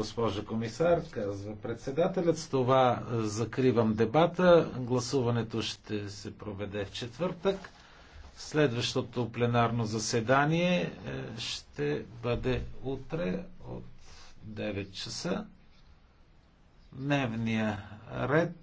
госпожа комисар, казва председателят. С това е, закривам дебата. Гласуването ще се проведе в четвъртък. Следващото пленарно заседание е, ще бъде утре от 9 часа. Дневния ред.